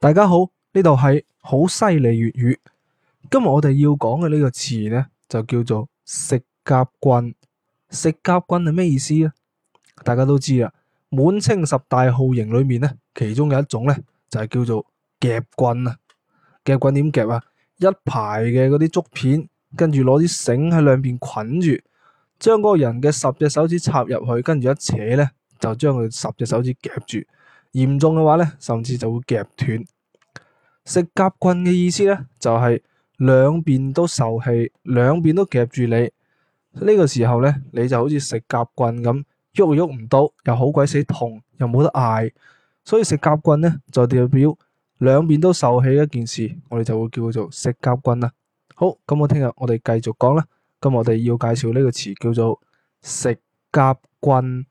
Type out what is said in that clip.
大家好，呢度係好犀利粵語。今日我哋要講嘅呢個詞呢，就叫做食夾棍。食夾棍係咩意思咧？大家都知啦，滿清十大酷刑裏面呢，其中有一種呢，就係叫做夾棍啊。夾棍點夾啊？一排嘅嗰啲竹片，跟住攞啲繩喺兩邊捆住，將嗰個人嘅十隻手指插入去，跟住一扯呢，就將佢十隻手指夾住。嚴重嘅話呢，甚至就會夾斷。食夾棍嘅意思咧，就係兩邊都受氣，兩邊都夾住你。呢個時候咧，你就好似食夾棍咁，喐喐唔到，又好鬼死痛，又冇得嗌。所以食夾棍咧就代表兩邊都受氣一件事，我哋就會叫做食夾棍啊。好，咁我聽日我哋繼續講啦。咁我哋要介紹呢個詞叫做食夾棍。